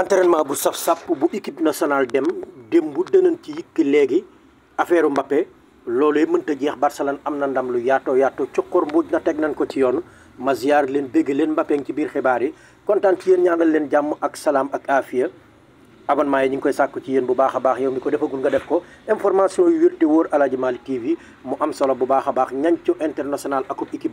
entraînement bu saf sap bu équipe nationale dem dem bu dënan ci yikk léegi affaire Mbappé loolu yëpp mënta jeex Barcelone am na ndam lu yaatoo yaatoo cokkoor mbuuj na teg nañ ko ci yoon ma ziar leen bégg leen Mbappé ngi ci biir xibaar yi kontaan ci yéen ñaanal leen jàmm ak salaam ak afiya abonnement yi ñu ngi koy sàkk ci yéen bu baax a baax yow mi ko defagul nga def ko information yu wér te wóor Aladji Malick TV mu am solo bu baax a baax ñanco international ak équipe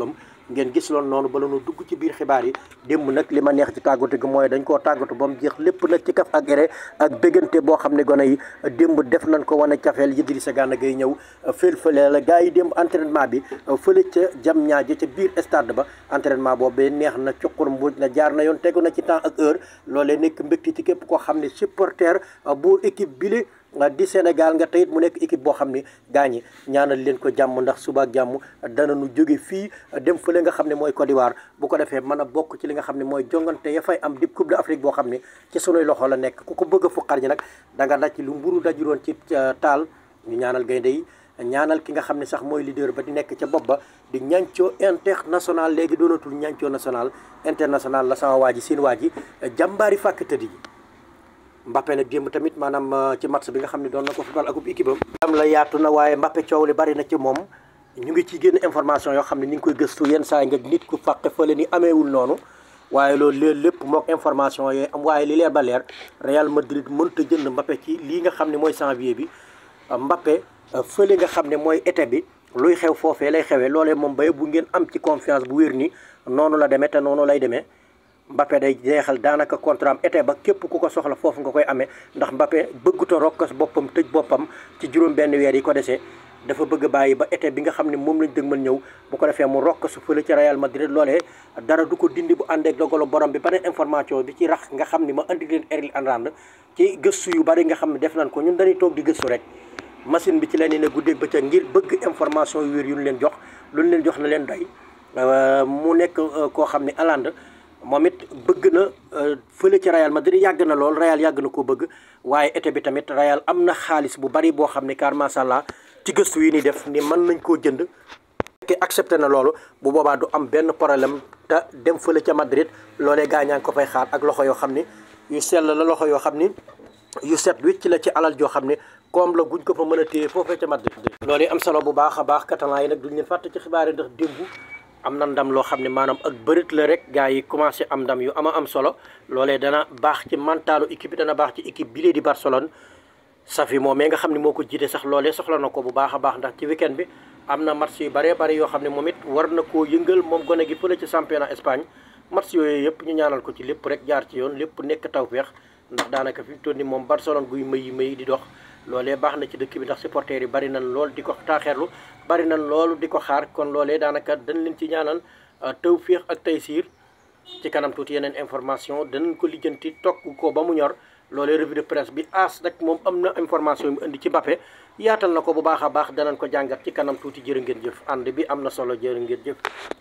ngeen gis loon noonu bala nu dugg ci biir xibaar yi démb nag li ma neex ci tàggatu gi mooy dañ koo tàggatu ba mu jeex lépp nag ci kaf ak ere ak béggante boo xam ne gone yi démb def nañ ko wane cafeel Idrissa Gana gay ñëw euh, fël fële la gars yi dem entraînement bi euh, fële ca jam ñaaje ca biir stade ba entraînement boobu neex na cuqur mbuuj na jaar na yoon tegu na ci temps ak heure loolee nekk mbégte ci képp koo xam ne supporter euh, bu équipe bi Euh, di Sénégal nga teyit mu nekk équipe boo xam ne gaa ñi ñaanal leen ko jàmm ndax suba jàmm dana nu jóge fii dem fële nga xam ne mooy Côte bu ko defee mën a bokk ci li nga xam ne mooy jongante ya fay am di Coupe d'Afrique boo xam ne ci sunuy loxo la nekk ku ko bëgg a fuqar ji nag da nga daj lu mburu dajuloon ci euh, taal ñu ñaanal gaynde yi ñaanal ki nga xam ne sax mooy leader ba di nekk ca bopp ba di ñancoo international léegi doonatul ñancoo national international la sama waa ji seen waa ji jàmbaari fàkk yi Mbappé na démb tamit maanaam euh, ci match bi nga xam ne doon na ko football akub équipe am. la yaatu na waaye Mbappé coow li bari na ci moom ñu ngi ci génn information yoo xam ne ni ngi koy gëstu yenn saa nga nit ku fàq fële ni ameewul noonu waaye loolu lépp mook information yooyu am waaye li leer ba leer Real Madrid jënd Mbappé ci lii nga xam ne mooy janvier bi Mbappé euh, fële nga xam ne mooy été bi. luy xew foofee lay xewee loolee moom bay bu ngeen am ci confiance bu wér ni noonu la demee te noonu lay demee Mbappé day jeexal daanaka contrat am été ba képp ku ko soxla foofu nga koy amee ndax Mbappé bëgguta rokkas boppam tëj boppam ci juróom benn weer yi ko desee dafa bëgg bàyyi ba été bi nga xam ne moom lañ dëgmal ñëw bu ko defee mu rokkasu fële ci Real Madrid loolee dara du ko dindi bu àndeek ak dogalu borom bi beneen information bi ci rax nga xam ni ma andi leen Erling Haaland ci gëstu yu bari nga xam ne def nañ ko ñun dañuy toog di gëstu rek machine bi ci la ne ne guddeeg bëccëg ngir bëgg information yu wér leen jox lu leen jox na leen doy euh, mu nekk euh, koo xam ne Haaland na euh, fële ci Real Madrid yàgg na lool Real yàgg na koo bëgg waaye été bi tamit Real am na xaalis bu bari boo xam ne car macha allah ci gëstu yi ni def ni man nañ koo jënd. fekkee accepté na loolu bu boobaa du am benn problème te dem fële ca Madrid loolee gaa ñaa ngi ko fay xaar ak loxo yoo xam ni yu sell la loxo yoo xam ni yu set ci la ci alal joo xam ne comme la guñ ko fa mën a téye foofee ca Madrid. loolu am solo bu baax a baax catalan yi nag du leen fàtte ci xibaar yi ndax démb. am na ndam loo xam ne maanaam ak bërit la rek gars yi commencé am ndam yu ama am solo loolee dana baax ci mantaalu équipe bi dana baax ci équipe bi lee di Barcelone safi moom mais nga xam ne moo ko jiite sax loolee soxla na ko bu baax a baax ndax ci weekend bi am na match yu bëree bëri yoo xam ne moom it war na koo yëngal moom gone gi fële ci championnat Espagne match yooyu yëpp ñu ñaanal ko ci lépp rek jaar ci yoon lépp nekk tawféex ndax daanaka fi mu moom Barcelone guy may yi may di dox loolee baax na ci dëkk bi ndax supporters yi bari nañ lool di ko taaxeerlu bari nañ loolu di ko xaar kon loolee daanaka dañ leen ci ñaanal euh, tawféex ak taysiir ci kanam tuuti yeneen information danañ ko lijjanti tokk ko ba mu ñor loole revue de presse bi as nag moom am na information mu indi ci Mbappé yaatal na ko bu baax a baax danañ ko jàngat ci kanam tuuti jërë ngeen jëf ànd bi am na solo jërë ngeen jëf